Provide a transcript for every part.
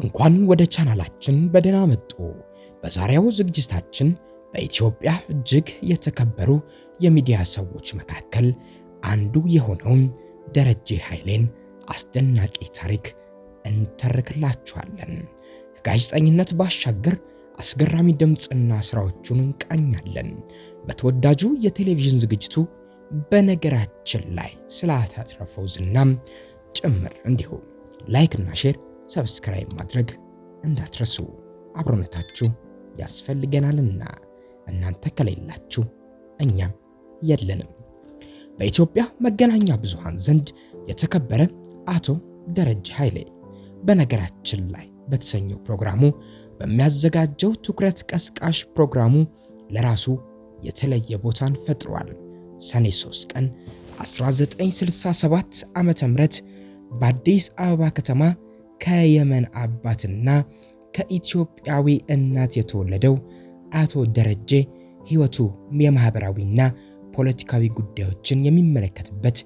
እንኳን ወደ ቻናላችን በደህና መጡ። በዛሬው ዝግጅታችን በኢትዮጵያ እጅግ የተከበሩ የሚዲያ ሰዎች መካከል አንዱ የሆነውን ደረጀ ኃይሌን አስደናቂ ታሪክ እንተርክላችኋለን። ከጋዜጠኝነት ባሻገር አስገራሚ ድምፅና ስራዎቹን እንቃኛለን። በተወዳጁ የቴሌቪዥን ዝግጅቱ በነገራችን ላይ ስላተረፈው ዝናም ጭምር እንዲሁ ላይክ እና ሼር ሰብስክራይብ ማድረግ እንዳትረሱ። አብሮነታችሁ ያስፈልገናልና እናንተ ከሌላችሁ እኛ የለንም። በኢትዮጵያ መገናኛ ብዙሃን ዘንድ የተከበረ አቶ ደረጀ ኃይሌ በነገራችን ላይ በተሰኘው ፕሮግራሙ በሚያዘጋጀው ትኩረት ቀስቃሽ ፕሮግራሙ ለራሱ የተለየ ቦታን ፈጥሯል። ሰኔ 3 ቀን 1967 ዓ.ም በአዲስ አበባ ከተማ ከየመን አባትና ከኢትዮጵያዊ እናት የተወለደው አቶ ደረጀ ሕይወቱ የማኅበራዊና ፖለቲካዊ ጉዳዮችን የሚመለከትበት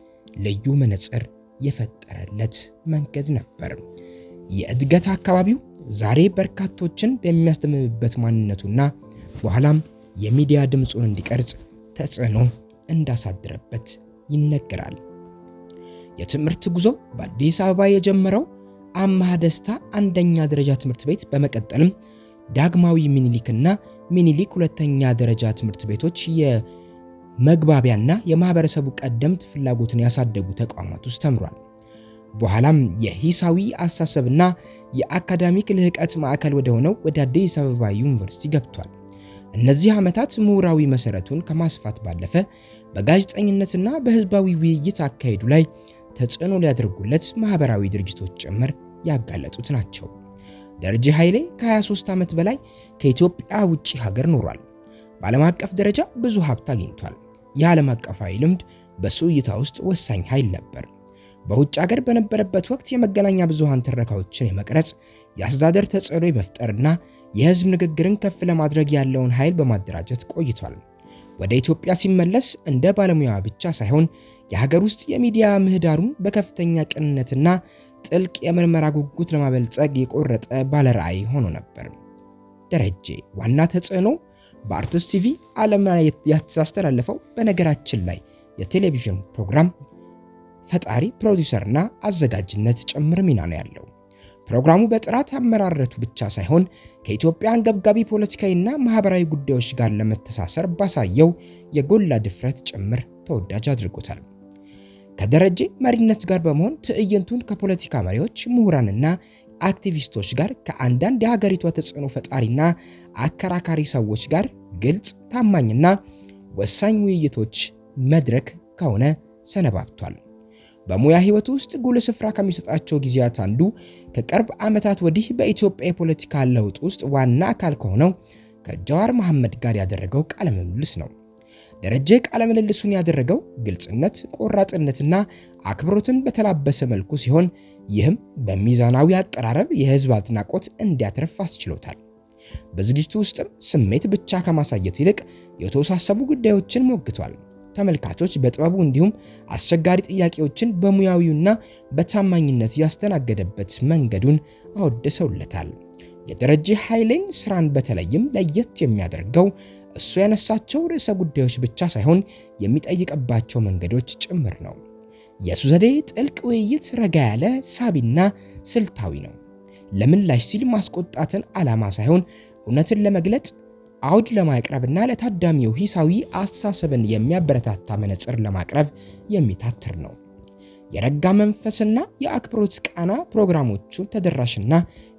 ልዩ መነጽር የፈጠረለት መንገድ ነበር። የእድገት አካባቢው ዛሬ በርካቶችን በሚያስደምምበት ማንነቱና በኋላም የሚዲያ ድምፁን እንዲቀርጽ ተጽዕኖ እንዳሳደረበት ይነገራል። የትምህርት ጉዞ በአዲስ አበባ የጀመረው አማሃ ደስታ አንደኛ ደረጃ ትምህርት ቤት በመቀጠልም ዳግማዊ ሚኒሊክና ሚኒሊክ ሁለተኛ ደረጃ ትምህርት ቤቶች የመግባቢያና የማህበረሰቡ ቀደምት ፍላጎትን ያሳደጉ ተቋማት ውስጥ ተምሯል። በኋላም የሂሳዊ አስተሳሰብና የአካዳሚክ ልህቀት ማዕከል ወደ ሆነው ወደ አዲስ አበባ ዩኒቨርሲቲ ገብቷል። እነዚህ ዓመታት ምሁራዊ መሰረቱን ከማስፋት ባለፈ በጋዜጠኝነትና በህዝባዊ ውይይት አካሄዱ ላይ ተጽዕኖ ሊያደርጉለት ማህበራዊ ድርጅቶች ጭምር ያጋለጡት ናቸው። ደረጀ ኃይሌ ከ23 ዓመት በላይ ከኢትዮጵያ ውጪ ሀገር ኖሯል። በዓለም አቀፍ ደረጃ ብዙ ሀብት አግኝቷል። የዓለም አቀፋዊ ልምድ በሱ እይታ ውስጥ ወሳኝ ኃይል ነበር። በውጭ ሀገር በነበረበት ወቅት የመገናኛ ብዙሃን ትረካዎችን የመቅረጽ የአስተዳደር ተጽዕኖ የመፍጠርና የህዝብ ንግግርን ከፍ ለማድረግ ያለውን ኃይል በማደራጀት ቆይቷል። ወደ ኢትዮጵያ ሲመለስ እንደ ባለሙያ ብቻ ሳይሆን የሀገር ውስጥ የሚዲያ ምህዳሩን በከፍተኛ ቅንነትና ጥልቅ የምርመራ ጉጉት ለማበልጸግ የቆረጠ ባለራዕይ ሆኖ ነበር። ደረጀ ዋና ተጽዕኖ በአርትስ ቲቪ ዓለም ላይ ያስተላለፈው በነገራችን ላይ የቴሌቪዥን ፕሮግራም ፈጣሪ ፕሮዲውሰርና አዘጋጅነት ጭምር ሚና ነው ያለው። ፕሮግራሙ በጥራት አመራረቱ ብቻ ሳይሆን ከኢትዮጵያ አንገብጋቢ ፖለቲካዊና ማህበራዊ ጉዳዮች ጋር ለመተሳሰር ባሳየው የጎላ ድፍረት ጭምር ተወዳጅ አድርጎታል። ከደረጀ መሪነት ጋር በመሆን ትዕይንቱን ከፖለቲካ መሪዎች፣ ምሁራንና አክቲቪስቶች ጋር ከአንዳንድ የሀገሪቷ ተጽዕኖ ፈጣሪና አከራካሪ ሰዎች ጋር ግልጽ፣ ታማኝና ወሳኝ ውይይቶች መድረክ ከሆነ ሰነባብቷል። በሙያ ህይወት ውስጥ ጉልህ ስፍራ ከሚሰጣቸው ጊዜያት አንዱ ከቅርብ ዓመታት ወዲህ በኢትዮጵያ የፖለቲካ ለውጥ ውስጥ ዋና አካል ከሆነው ከጀዋር መሐመድ ጋር ያደረገው ቃለ ምልልስ ነው። ደረጀ ምልልሱን ያደረገው ግልጽነት፣ ቆራጥነትና አክብሮትን በተላበሰ መልኩ ሲሆን ይህም በሚዛናዊ አቀራረብ የህዝብ አድናቆት እንዲያትረፍ አስችሎታል። በዝግጅቱ ውስጥም ስሜት ብቻ ከማሳየት ይልቅ የተወሳሰቡ ጉዳዮችን ሞግቷል። ተመልካቾች በጥበቡ እንዲሁም አስቸጋሪ ጥያቄዎችን በሙያዊውና በታማኝነት ያስተናገደበት መንገዱን አወድሰውለታል። የደረጀ ኃይሌን ስራን በተለይም ለየት የሚያደርገው እሱ ያነሳቸው ርዕሰ ጉዳዮች ብቻ ሳይሆን የሚጠይቅባቸው መንገዶች ጭምር ነው። የሱ ዘዴ ጥልቅ ውይይት፣ ረጋ ያለ ሳቢና ስልታዊ ነው። ለምላሽ ሲል ማስቆጣትን ዓላማ ሳይሆን እውነትን ለመግለጽ አውድ ለማቅረብና ለታዳሚው ሂሳዊ አስተሳሰብን የሚያበረታታ መነጽር ለማቅረብ የሚታትር ነው። የረጋ መንፈስና የአክብሮት ቃና ፕሮግራሞቹ ተደራሽና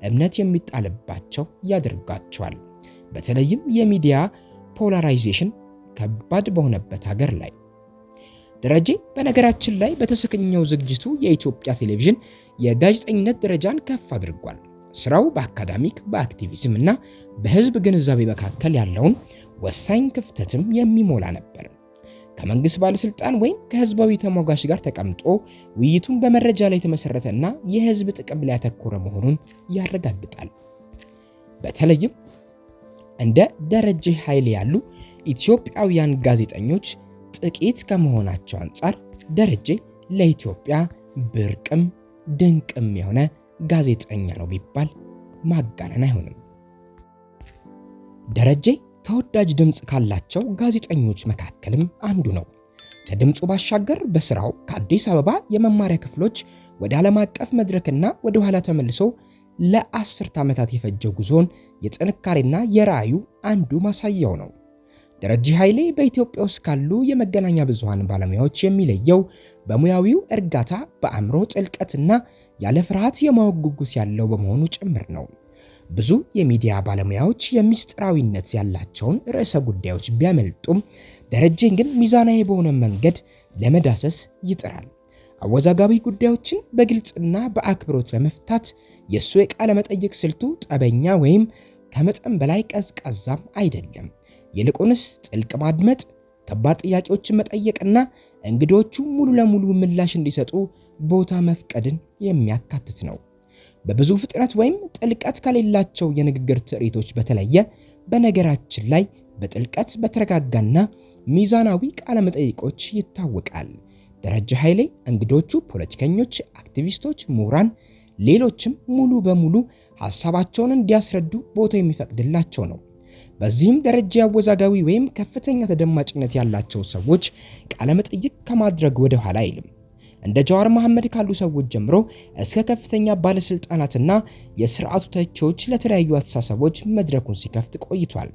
እምነት የሚጣልባቸው ያደርጋቸዋል። በተለይም የሚዲያ ፖላራይዜሽን ከባድ በሆነበት ሀገር ላይ ደረጀ በነገራችን ላይ በተሰከኘው ዝግጅቱ የኢትዮጵያ ቴሌቪዥን የጋዜጠኝነት ደረጃን ከፍ አድርጓል። ስራው በአካዳሚክ በአክቲቪዝም እና በህዝብ ግንዛቤ መካከል ያለውን ወሳኝ ክፍተትም የሚሞላ ነበር። ከመንግስት ባለስልጣን ወይም ከህዝባዊ ተሟጋች ጋር ተቀምጦ ውይይቱን በመረጃ ላይ የተመሰረተ እና የህዝብ ጥቅም ላይ ያተኮረ መሆኑን ያረጋግጣል። በተለይም እንደ ደረጀ ኃይሌ ያሉ ኢትዮጵያውያን ጋዜጠኞች ጥቂት ከመሆናቸው አንጻር ደረጀ ለኢትዮጵያ ብርቅም ድንቅም የሆነ ጋዜጠኛ ነው ቢባል ማጋነን አይሆንም። ደረጀ ተወዳጅ ድምፅ ካላቸው ጋዜጠኞች መካከልም አንዱ ነው። ከድምፁ ባሻገር በስራው ከአዲስ አበባ የመማሪያ ክፍሎች ወደ ዓለም አቀፍ መድረክና ወደ ኋላ ተመልሶ ለአስርት ዓመታት የፈጀው ጉዞን የጥንካሬና የራዕዩ አንዱ ማሳያው ነው። ደረጀ ኃይሌ በኢትዮጵያ ውስጥ ካሉ የመገናኛ ብዙሃን ባለሙያዎች የሚለየው በሙያዊው እርጋታ፣ በአእምሮ ጥልቀትና ያለ ፍርሃት የማወቅ ጉጉት ያለው በመሆኑ ጭምር ነው። ብዙ የሚዲያ ባለሙያዎች የሚስጥራዊነት ያላቸውን ርዕሰ ጉዳዮች ቢያመልጡም ደረጀን ግን ሚዛናዊ በሆነ መንገድ ለመዳሰስ ይጥራል። አወዛጋቢ ጉዳዮችን በግልጽና በአክብሮት ለመፍታት የእሱ የቃለ መጠይቅ ስልቱ ጠበኛ ወይም ከመጠን በላይ ቀዝቃዛም አይደለም። ይልቁንስ ጥልቅ ማድመጥ፣ ከባድ ጥያቄዎችን መጠየቅና እንግዶቹ ሙሉ ለሙሉ ምላሽ እንዲሰጡ ቦታ መፍቀድን የሚያካትት ነው። በብዙ ፍጥነት ወይም ጥልቀት ከሌላቸው የንግግር ትርኢቶች በተለየ በነገራችን ላይ በጥልቀት በተረጋጋና ሚዛናዊ ቃለመጠይቆች ይታወቃል። ደረጀ ኃይሌ እንግዶቹ ፖለቲከኞች፣ አክቲቪስቶች፣ ምሁራን፣ ሌሎችም ሙሉ በሙሉ ሀሳባቸውን እንዲያስረዱ ቦታ የሚፈቅድላቸው ነው። በዚህም ደረጃ አወዛጋቢ ወይም ከፍተኛ ተደማጭነት ያላቸው ሰዎች ቃለመጠይቅ ከማድረግ ወደ ኋላ አይልም። እንደ ጀዋር መሐመድ ካሉ ሰዎች ጀምሮ እስከ ከፍተኛ ባለስልጣናትና የስርዓቱ ተቺዎች ለተለያዩ አስተሳሰቦች መድረኩን ሲከፍት ቆይቷል።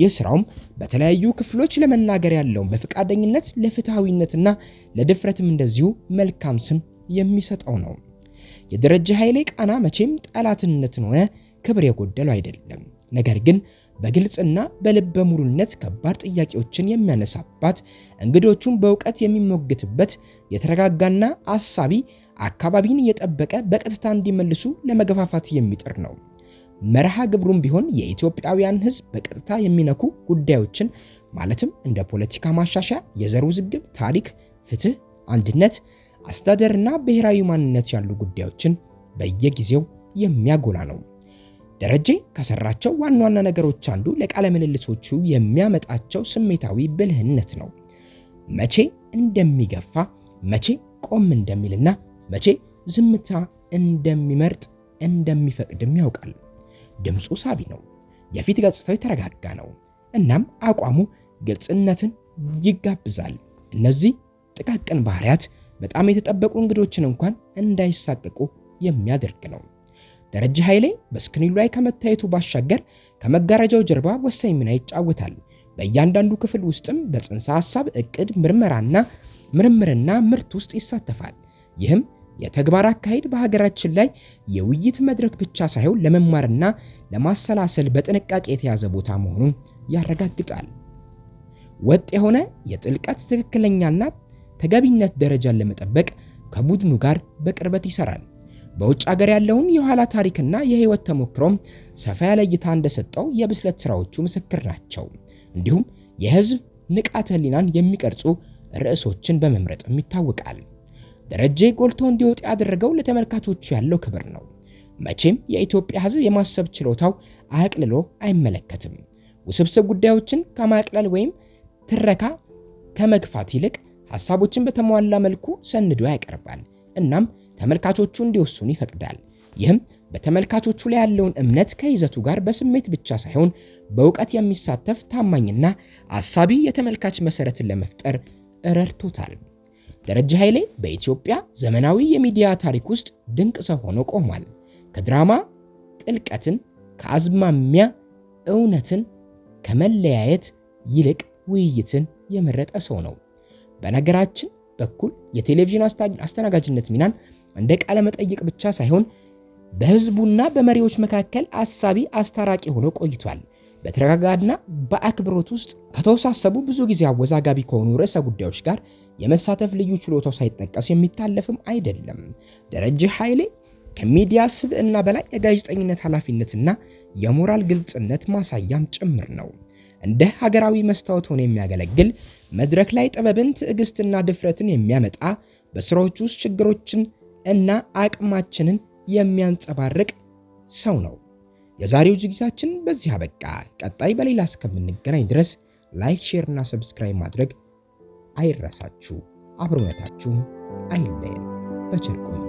ይህ ስራውም በተለያዩ ክፍሎች ለመናገር ያለውን በፈቃደኝነት ለፍትሐዊነትና ለድፍረትም እንደዚሁ መልካም ስም የሚሰጠው ነው። የደረጀ ኃይሌ ቃና መቼም ጠላትነትን ሆነ ክብር የጎደለው አይደለም። ነገር ግን በግልጽና በልበ ሙሉነት ከባድ ጥያቄዎችን የሚያነሳባት፣ እንግዶቹን በእውቀት የሚሞግትበት፣ የተረጋጋና አሳቢ አካባቢን የጠበቀ በቀጥታ እንዲመልሱ ለመገፋፋት የሚጥር ነው። መርሃ ግብሩም ቢሆን የኢትዮጵያውያን ሕዝብ በቀጥታ የሚነኩ ጉዳዮችን ማለትም እንደ ፖለቲካ ማሻሻያ፣ የዘር ውዝግብ፣ ታሪክ፣ ፍትህ፣ አንድነት፣ አስተዳደርና ብሔራዊ ማንነት ያሉ ጉዳዮችን በየጊዜው የሚያጎላ ነው። ደረጀ ከሰራቸው ዋና ዋና ነገሮች አንዱ ለቃለ ምልልሶቹ የሚያመጣቸው ስሜታዊ ብልህነት ነው። መቼ እንደሚገፋ፣ መቼ ቆም እንደሚልና መቼ ዝምታ እንደሚመርጥ እንደሚፈቅድም ያውቃል። ድምፁ ሳቢ ነው። የፊት ገጽታው የተረጋጋ ነው። እናም አቋሙ ግልጽነትን ይጋብዛል። እነዚህ ጥቃቅን ባህሪያት በጣም የተጠበቁ እንግዶችን እንኳን እንዳይሳቀቁ የሚያደርግ ነው። ደረጀ ኃይሌ በስክሪኑ ላይ ከመታየቱ ባሻገር ከመጋረጃው ጀርባ ወሳኝ ሚና ይጫወታል። በእያንዳንዱ ክፍል ውስጥም በጽንሰ ሐሳብ፣ እቅድ፣ ምርመራና ምርምርና ምርት ውስጥ ይሳተፋል። ይህም የተግባር አካሄድ በሀገራችን ላይ የውይይት መድረክ ብቻ ሳይሆን ለመማርና ለማሰላሰል በጥንቃቄ የተያዘ ቦታ መሆኑን ያረጋግጣል። ወጥ የሆነ የጥልቀት ትክክለኛና ተገቢነት ደረጃን ለመጠበቅ ከቡድኑ ጋር በቅርበት ይሰራል። በውጭ ሀገር ያለውን የኋላ ታሪክና የህይወት ተሞክሮም ሰፋ ያለ እይታ እንደሰጠው የብስለት ስራዎቹ ምስክር ናቸው። እንዲሁም የህዝብ ንቃተ ህሊናን የሚቀርጹ ርዕሶችን በመምረጥም ይታወቃል። ደረጀ ጎልቶ እንዲወጥ ያደረገው ለተመልካቾቹ ያለው ክብር ነው። መቼም የኢትዮጵያ ሕዝብ የማሰብ ችሎታው አቅልሎ አይመለከትም። ውስብስብ ጉዳዮችን ከማቅለል ወይም ትረካ ከመግፋት ይልቅ ሐሳቦችን በተሟላ መልኩ ሰንዶ ያቀርባል። እናም ተመልካቾቹ እንዲወስኑ ይፈቅዳል። ይህም በተመልካቾቹ ላይ ያለውን እምነት ከይዘቱ ጋር በስሜት ብቻ ሳይሆን በእውቀት የሚሳተፍ ታማኝና አሳቢ የተመልካች መሰረትን ለመፍጠር ረድቶታል። ደረጀ ኃይሌ በኢትዮጵያ ዘመናዊ የሚዲያ ታሪክ ውስጥ ድንቅ ሰው ሆኖ ቆሟል። ከድራማ ጥልቀትን፣ ከአዝማሚያ እውነትን፣ ከመለያየት ይልቅ ውይይትን የመረጠ ሰው ነው። በነገራችን በኩል የቴሌቪዥን አስተናጋጅነት ሚናን እንደ ቃለ መጠይቅ ብቻ ሳይሆን በህዝቡና በመሪዎች መካከል አሳቢ አስታራቂ ሆኖ ቆይቷል። በተረጋጋና በአክብሮት ውስጥ ከተወሳሰቡ ብዙ ጊዜ አወዛጋቢ ከሆኑ ርዕሰ ጉዳዮች ጋር የመሳተፍ ልዩ ችሎታው ሳይጠቀስ የሚታለፍም አይደለም። ደረጀ ኃይሌ ከሚዲያ ስብዕና በላይ የጋዜጠኝነት ኃላፊነትና የሞራል ግልጽነት ማሳያም ጭምር ነው። እንደ ሀገራዊ መስታወት ሆኖ የሚያገለግል መድረክ ላይ ጥበብን፣ ትዕግስትና ድፍረትን የሚያመጣ በስራዎች ውስጥ ችግሮችን እና አቅማችንን የሚያንጸባርቅ ሰው ነው። የዛሬው ዝግጅታችን በዚህ አበቃ። ቀጣይ በሌላ እስከምንገናኝ ድረስ ላይክ፣ ሼር እና ሰብስክራይብ ማድረግ አይረሳችሁ። አብሮነታችሁ አይለየን። በቸር ቆዩ።